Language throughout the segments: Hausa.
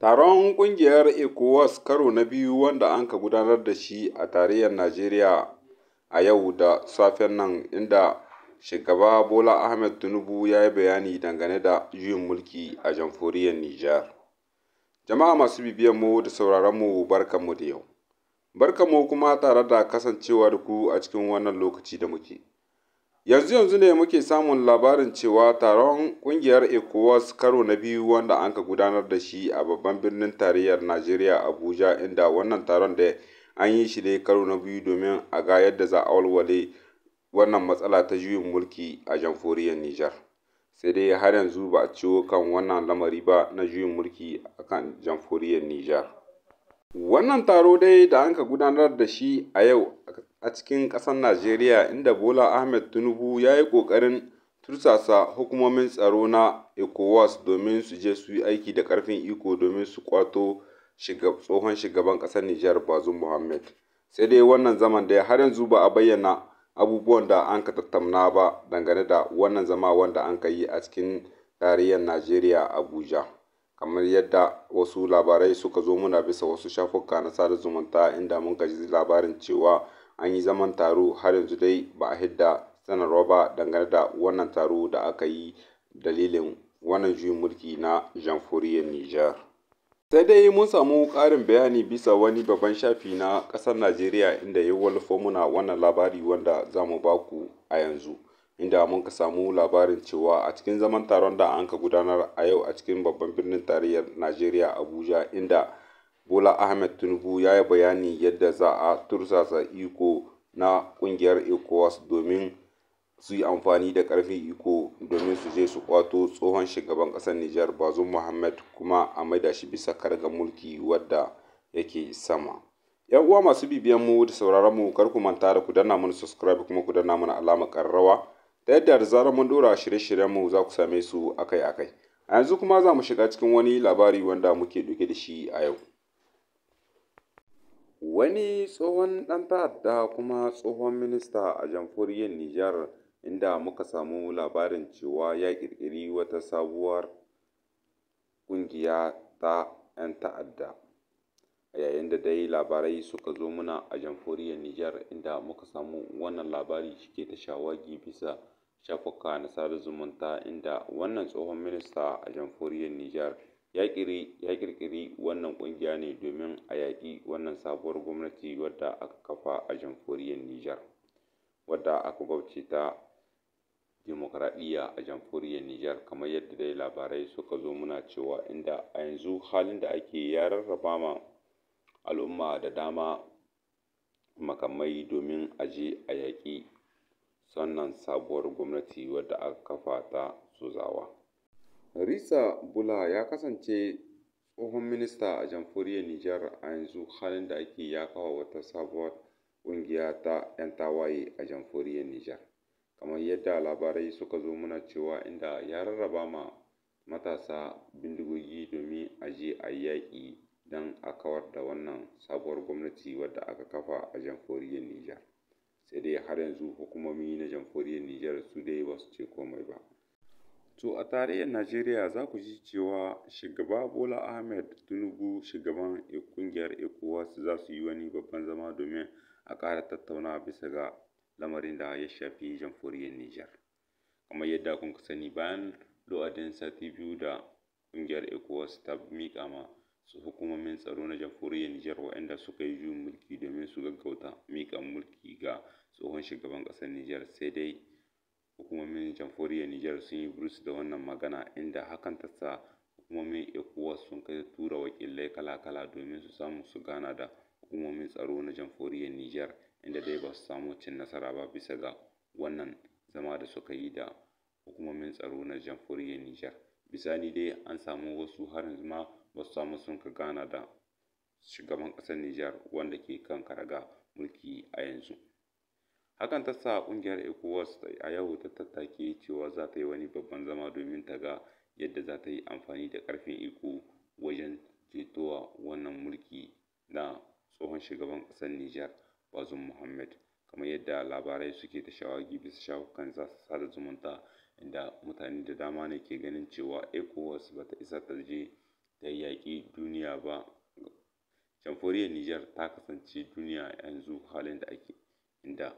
Taron ƙungiyar ECOWAS karo na biyu wanda an ka gudanar da shi a tarayyar Najeriya a yau da safen nan inda shugaba Bola Ahmed Tinubu ya yi bayani dangane da juyin mulki a jamhuriyar Nijar. Jama'a masu bibiyan mu da sauraron mu barkan mu da yau. barkan mu kuma tare da kasancewa da ku a cikin wannan lokaci da muke. yanzu yanzu ne muke samun labarin cewa taron kungiyar ecowas karo na biyu wanda an ka gudanar da shi a babban birnin tarayyar najeriya abuja inda wannan taron da an yi shi ne karo na biyu domin a ga yadda za a walwale wannan matsala ta juyin mulki a jamhuriyar nijar sai dai har yanzu ba a ciwo kan wannan lamari ba na juyin mulki a kan jamhuriyar nijar wannan taro dai da an ka gudanar da shi a yau a cikin ƙasar Najeriya inda Bola Ahmed Tinubu ya yi ƙoƙarin tursasa hukumomin tsaro na ECOWAS domin su je su yi aiki da ƙarfin iko domin su kwato tsohon shugaban ƙasar Nijar Bazoum Mohammed. Sai dai wannan zaman da har yanzu ba a bayyana abubuwan da an ka tattauna ba dangane da wannan zama wanda an ka yi a cikin tarihin Najeriya Abuja. Kamar yadda wasu labarai suka zo muna bisa wasu shafuka na sada zumunta inda mun ji labarin cewa an yi zaman taro har yanzu dai ba a hidda sanarwa ba dangane da wannan taro da aka yi dalilin wannan juyin mulki na jamhuriyar Nijar. Sai dai mun samu ƙarin bayani bisa wani babban shafi na ƙasar Najeriya inda ya wani muna wannan labari wanda za mu ba ku a yanzu. Inda mun ka samu labarin cewa a cikin zaman taron da an ka gudanar a yau a cikin babban birnin tarayyar Najeriya Abuja inda Bola Ahmed Tinubu ya yi bayani yadda za a tursasa iko na kungiyar ECOWAS domin su yi amfani da karfin iko domin su je su kwato tsohon shugaban ƙasar Nijar Bazoum Mohamed kuma a maida shi bisa karga mulki wadda yake sama. ‘Yan uwa masu bibiyan mu da sauraron mu kar ku manta da ku danna mana subscribe kuma ku danna mana alamar ƙararrawa ta yadda da zarar mun dora shirye-shiryen mu za ku same su akai-akai. A yanzu kuma za mu shiga cikin wani labari wanda muke ɗauke da shi a yau. wani tsohon ɗan ta'adda kuma tsohon minista a jamhuriyar Nijar inda muka samu labarin cewa ya ƙirƙiri wata sabuwar ƙungiya ta 'yan ta'adda a yayin da dai labarai suka zo muna a jamhuriyar Nijar inda muka samu wannan labari shike ta shawagi bisa shafuka na sada zumunta inda wannan tsohon minista a jamhuriyar Nijar ya ƙirƙiri wannan ƙungiya ne domin a yaƙi wannan sabuwar gwamnati wadda aka kafa a jamhuriyar Nijar wadda aka gwabce ta dimokuraɗiyya a jamhuriyar Nijar kamar yadda dai labarai suka zo muna cewa inda a yanzu halin da ake ya rarraba ma al'umma da dama makamai domin a je a yaƙi sannan sabuwar gwamnati wadda aka kafa ta sozawa. Risa Bula ya kasance tsohon minista a jamhuriyar Nijar a yanzu halin da ake ya kawo wata sabuwar ƙungiya ta 'yan tawaye a jamhuriyar Nijar. Kamar yadda labarai suka zo muna cewa inda ya rarraba ma matasa bindigogi domin a je a yaƙi don a kawar da wannan sabuwar gwamnati wadda aka kafa a jamhuriyar Nijar. Sai dai har yanzu hukumomi na jamhuriyar Nijar su dai ba su ce komai ba. To a tarayyar Najeriya za ku ji cewa Shugaba Bola Ahmed Tinubu shugaban ƙungiyar e-, ECOWAS za su yi wani babban zama domin a ƙara tattaunawa bisa ga lamarin da ya shafi jamhuriyar Nijar. Kamar yadda kuka sani bayan lo'adin sati biyu da ƙungiyar ECOWAS ta miƙa ma su hukumomin tsaro na jamhuriyar Nijar waɗanda suka yi juyin mulki domin su gaggauta miƙa mulki ga tsohon shugaban ƙasar Nijar sai dai hukumomin jamhuriyar Nijar sun yi burus da wannan magana inda hakan ta sa hukumomin ECOWAS sun kai tura wakilai kala-kala domin su samu su gana da hukumomin tsaro na jamhuriyar Nijar inda dai ba su samu cin nasara ba bisa ga wannan zama da suka yi da hukumomin tsaro na jamhuriyar Nijar. ni dai an samu wasu har zama ma ba su samu sun ka gana da shugaban ƙasar Nijar wanda ke kan karaga mulki a yanzu. hakan ta sa ƙungiyar ecowas a yau ta tattake cewa za ta yi wani babban zama domin ta ga yadda za ta yi amfani da ƙarfin iko wajen cetowa wannan mulki na tsohon shugaban ƙasar nijar Bazoum muhammad kamar yadda labarai suke ta shawagi bisa shafukan sada zumunta inda mutane da dama ne ke ganin cewa ecowas ba ta isa ta je ta yaƙi duniya ba jamhuriyar nijar ta kasance duniya yanzu halin da ake inda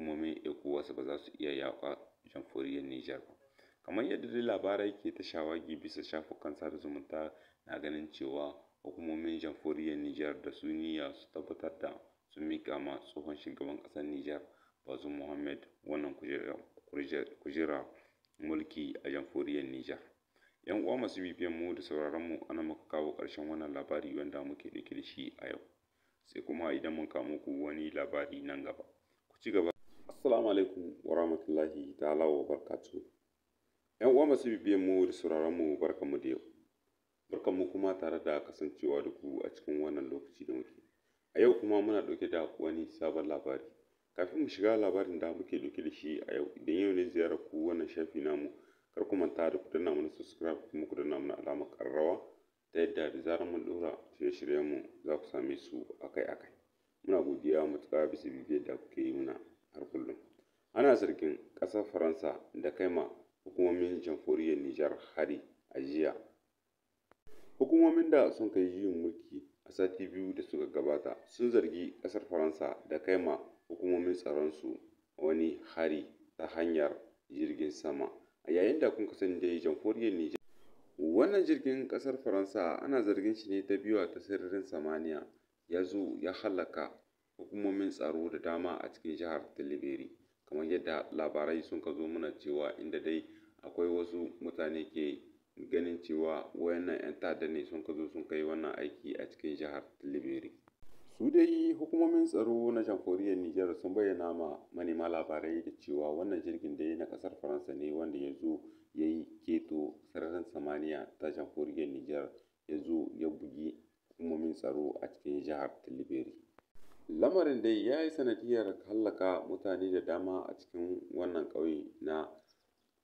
hukumomin ECOWAS ba za su iya yaƙa jamhuriyar Nijar ba. Kamar yadda dai labarai ke ta shawagi bisa shafukan sada zumunta na ganin cewa hukumomin jamhuriyar Nijar da su su tabbatar da sun miƙa ma tsohon shugaban ƙasar Nijar bazu muhammad wannan kujera mulki a jamhuriyar Nijar. ‘Yan uwa masu bibiyan mu da sauraron mu ana muka kawo ƙarshen wannan labari wanda muke ɗauke da shi a yau. Sai kuma idan mun kamo ku wani labari nan gaba. Ku ci gaba Assalamu alaikum wa rahmatullahi ta'ala wa barkatu. ‘Yan uwa masu bibiyan mu da sauraron mu mu da yau. mu kuma tare da kasancewa da ku a cikin wannan lokaci da muke. A yau kuma muna ɗauke da wani sabon labari. Kafin mu shiga labarin da muke ɗauke da shi a yau, idan yau ne ziyarar ku wannan shafi namu, kar ku manta da ku danna mana subscribe kuma ku danna mana alamar ƙararrawa ta yadda da zarar mun ɗora shirye-shiryenmu za ku same su akai-akai. Muna godiya matuƙa bisa bibiyar da kuke yi muna. har kullum ana zargin ƙasar faransa da kai ma hukumomin jamhuriyar nijar hari a jiya hukumomin da sun kai yin mulki a sati biyu da suka gabata sun zargi ƙasar faransa da kai ma hukumomin tsaronsu wani hari ta hanyar jirgin sama a yayin da kun kasan da jamhuriyar nijar wannan jirgin ƙasar faransa ana zargin shi ne ta biyu ta sararin samaniya ya zo ya halaka hukumomin tsaro da dama a cikin jihar Tilibiri kamar yadda labarai sun ka zo mana cewa inda dai akwai wasu mutane ke ganin cewa wayannan 'yan ta'adda ne sun ka zo sun kai wannan aiki a cikin jihar Tilibiri. Su dai hukumomin tsaro na jamhuriyar Nijar sun bayyana ma manema labarai da cewa wannan jirgin dai na kasar Faransa ne wanda ya zo ya yi keto sararin samaniya ta jamhuriyar Nijar ya zo ya bugi hukumomin tsaro a cikin jihar Tilibiri. Lamarin dai ya yi sanadiyar hallaka mutane da dama a cikin wannan ƙauye na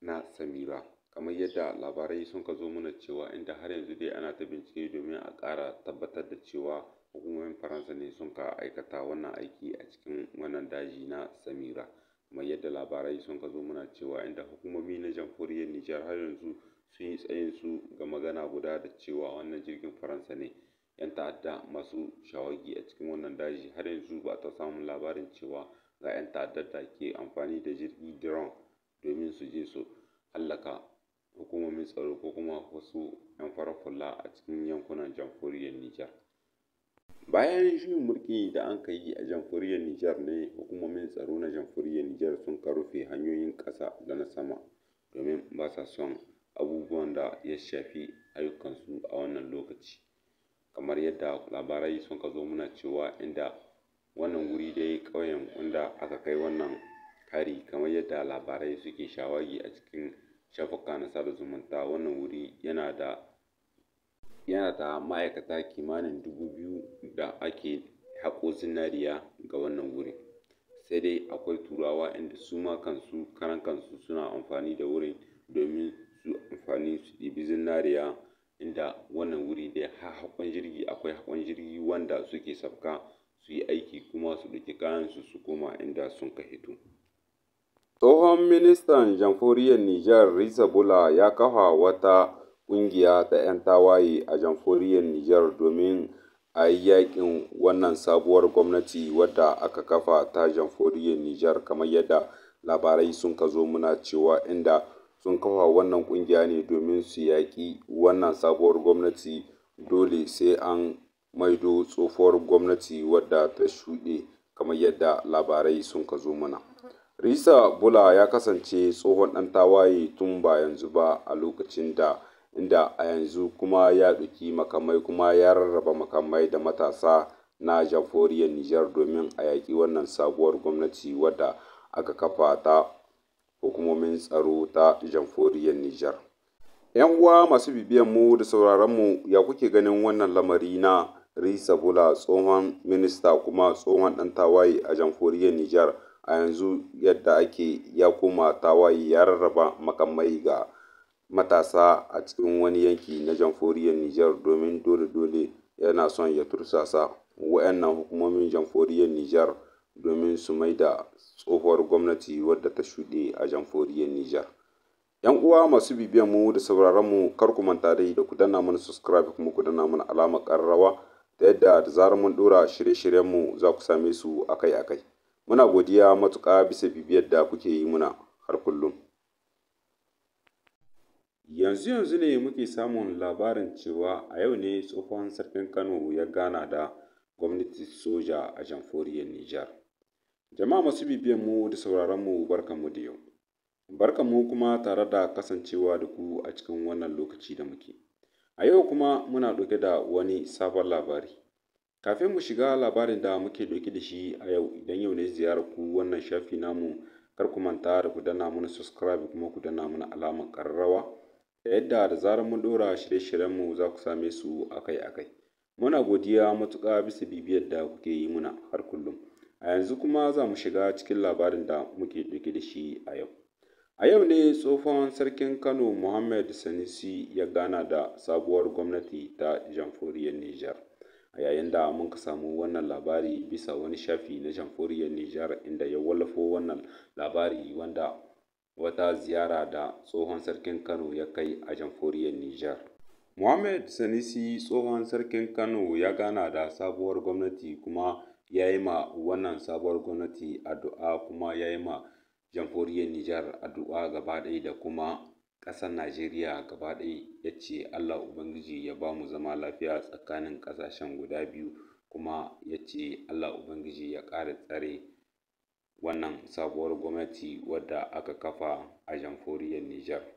na Samira, kamar yadda labarai sun ka zo mana cewa inda har yanzu dai ana ta bincike domin a ƙara tabbatar da cewa hukumomin Faransa ne sun ka aikata wannan aiki a cikin wannan daji na Samira. Kamar yadda labarai sun ka zo mana cewa inda hukumomi na jamhuriyar Nijar har yanzu sun yi tsayinsu ga magana guda da cewa wannan jirgin Faransa ne. 'yan ta'adda masu shawagi a cikin wannan daji har yanzu ba ta samun labarin cewa ga 'yan ta'addar da ke amfani da jirgi drone domin su je su hallaka hukumomin tsaro ko kuma wasu 'yan farar a cikin yankunan jamhuriyar Nijar. Bayan juyin mulki da an yi a jamhuriyar Nijar ne hukumomin tsaro na jamhuriyar Nijar sun rufe hanyoyin ƙasa da na sama domin ba sa son abubuwan da ya shafi ayyukansu a wannan lokaci. kamar yadda labarai sun ka zo muna cewa inda wannan wuri dai ƙauyen inda aka kai wannan hari kamar yadda labarai suke shawagi a cikin shafuka na sada zumunta wannan wuri yana da yana da ma'aikata kimanin dubu biyu da ake haƙo zinariya ga wannan wuri sai dai akwai turawa inda su ma kansu karan kansu suna amfani da wurin domin su amfani su ɗibi zinariya inda wannan wuri dai har haƙon jirgi akwai haƙon jirgi wanda suke sabka su yi aiki kuma su ɗauki kayansu su koma inda sun ka hito. Tsohon ministan jamhuriyar Nijar Risa Bula ya kafa wata ƙungiya ta 'yan tawaye a jamhuriyar Nijar domin a yi yaƙin wannan sabuwar gwamnati wadda aka kafa ta jamhuriyar Nijar kamar yadda labarai sun ka zo muna cewa inda sun kafa wannan kungiya ne domin su yaƙi wannan sabuwar gwamnati dole sai an maido tsohuwar gwamnati wadda ta shuɗe kamar yadda labarai sun ka zo mana. Risa Bula ya kasance tsohon ɗan tawaye tun ba yanzu ba a lokacin da inda a yanzu kuma ya ɗauki makamai kuma ya rarraba makamai da matasa na jamhuriyar Nijar domin a yaƙi wannan sabuwar gwamnati wadda aka kafa ta hukumomin tsaro ta jamhuriyar Nijar. 'Yan uwa masu bibiyan mu da sauraron mu ya kuke ganin wannan lamari na Risa Bula tsohon minista kuma tsohon ɗan tawaye a jamhuriyar Nijar a yanzu yadda ake ya koma tawaye ya rarraba makamai ga matasa a cikin wani yanki na jamhuriyar Nijar domin dole-dole yana son ya tursasa wa'annan hukumomin jamhuriyar Nijar domin su mai da tsohuwar gwamnati wadda ta shuɗe a jamfodiyar Nijar. ‘Yan uwa masu bibiyan mu da sauraron mu kar ku manta dai da ku danna mana subscribe kuma ku danna mana alamar ƙararrawa ta yadda da zarar mun ɗora shirye-shiryen mu za ku same su akai-akai. Muna godiya matuƙa bisa bibiyar da kuke yi muna har kullum. Yanzu yanzu ne muke samun labarin cewa a yau ne tsohon sarkin Kano ya gana da gwamnati soja a jamfodiyar Nijar. Jama'a masu bibiyan mu da sauraron mu barkan mu da yau. Barkan mu kuma tare da kasancewa da ku a cikin wannan lokaci da muke. A yau kuma muna ɗauke da wani sabon labari. Kafin mu shiga labarin da muke ɗauke da shi a yau idan yau ne ziyarar ku wannan shafi namu kar ku manta da ku danna mana subscribe kuma ku danna mana alamar ƙararrawa da yadda da zarar mun ɗora shirye shiryen mu za ku same su akai-akai. Muna godiya matuƙa bisa bibiyar da kuke yi muna har kullum. A yanzu kuma za mu shiga cikin labarin da muke ɗauke da shi a yau. A yau ne tsohon sarkin Kano Muhammad Sanusi ya gana da sabuwar gwamnati ta jamhuriyar Nijar. A yayin da muka samu wannan labari bisa wani shafi na jamhuriyar Nijar inda ya wallafo wannan labari wanda wata ziyara da tsohon sarkin Kano ya kai a jamhuriyar Nijar. Muhammad Sanusi tsohon sarkin Kano ya gana da sabuwar gwamnati kuma ya yi ma wannan sabuwar gwamnati addu'a kuma ya yi ma jamhuriyar Nijar addu'a gaba ɗaya da kuma ƙasar Najeriya gaba ɗaya ya ce Allah Ubangiji ya ba mu zama lafiya tsakanin ƙasashen guda biyu kuma ya ce Allah Ubangiji ya ƙara tsare wannan sabuwar gwamnati wadda aka kafa a jamhuriyar Nijar.